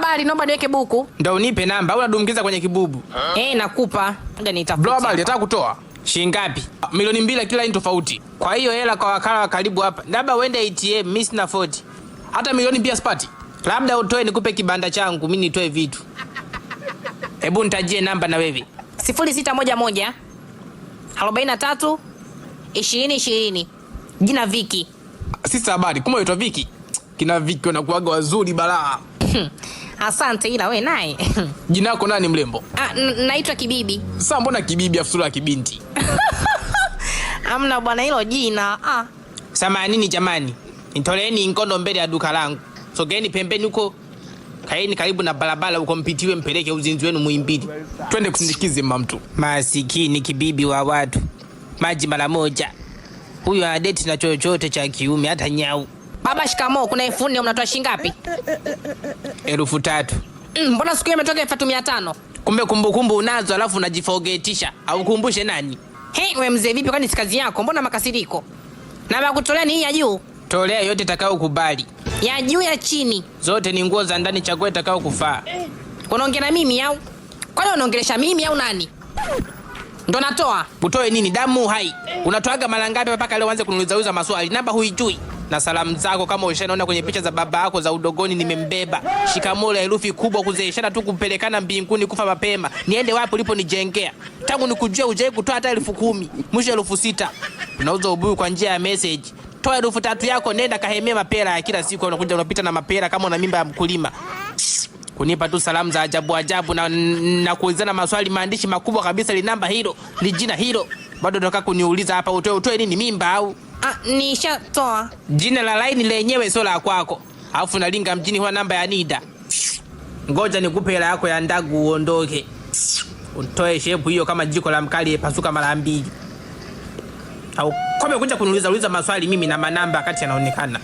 Habari, naomba niweke buku. Ndio unipe namba au unadumkiza kwenye kibubu? Eh, nakupa. Ngoja nitafuta. Habari, nataka kutoa. Shilingi ngapi? Ah, milioni mbili kila ni tofauti. Kwa hiyo hela kwa wakala wa karibu hapa. Labda uende ATM, mimi sina 40. Hata milioni pia sipati. Labda utoe nikupe kibanda changu, mimi nitoe vitu. Hebu nitajie namba na wewe. 0611 43 20 20. Jina Viki. Sisi habari, kumbe unaitwa Viki. Kina Viki wanakuaga wazuri balaa. Hmm. Asante, ila we naye jina lako nani mrembo? Ah, naitwa Kibibi. Sasa mbona Kibibi afu sura ya kibinti? Amna bwana, hilo jina ah. Samanini jamani, nitoleeni ngondo mbele ya duka langu, sogeni pembeni huko, kaeni karibu na barabara huko, mpitiwe mpeleke uzinzi wenu Muhimbili, twende kusindikize mamtu. Masikini Kibibi wa watu, maji mara moja. Huyu adeti na chochote cha kiume, hata nyau Baba shikamoo, kuna elfu nne unatoa shilingi ngapi? elfu tatu. Mm, mbona siku imetoka elfu mia tano? Kumbe kumbukumbu unazo, alafu unajifogetisha. Haukumbushe nani? He, we mzee vipi, kwani sikazi yako? Mbona makasiriko? Na nakutolea ni hii ya juu. Tolea yote takao kubali. Ya juu ya chini. Zote ni nguo za ndani, chagua takao kufaa. Unaongea na mimi au? Kwani unaongelesha mimi au nani? Ndo natoa. Utoe nini? Damu hai. Unatoaga mara ngapi mpaka leo uanze kuniuliza uza maswali? Namba huijui na salamu zako kama ushanaona kwenye picha za baba yako za udogoni, nimembeba shikamoo la herufi kubwa kuzeeshana tu kupelekana mbinguni kufa mapema. Niende wapi ulipo nijengea? Tangu nikujue hujai kutoa hata elfu kumi mwisho elfu sita Unauza ubuyu kwa njia ya message. Toa elfu tatu yako, nenda kahemea mapera ya kila siku. Unakuja unapita na mapera kama una mimba ya mkulima kunipa tu salamu za ajabu ajabu na, na kuulizana maswali maandishi makubwa kabisa. Linamba hilo ni jina hilo. Bado unataka kuniuliza hapa utoe utoe nini mimba au? Ah, nishatoa. Jina la laini lenyewe sio la kwako. Alafu nalinga mjini huwa namba ya NIDA. Ngoja nikupe hela yako ya ndagu uondoke. Utoe shepu hiyo kama jiko la mkali pasuka mara mbili. Au kwa kuja kuniuliza uliza maswali mimi na manamba kati yanaonekana.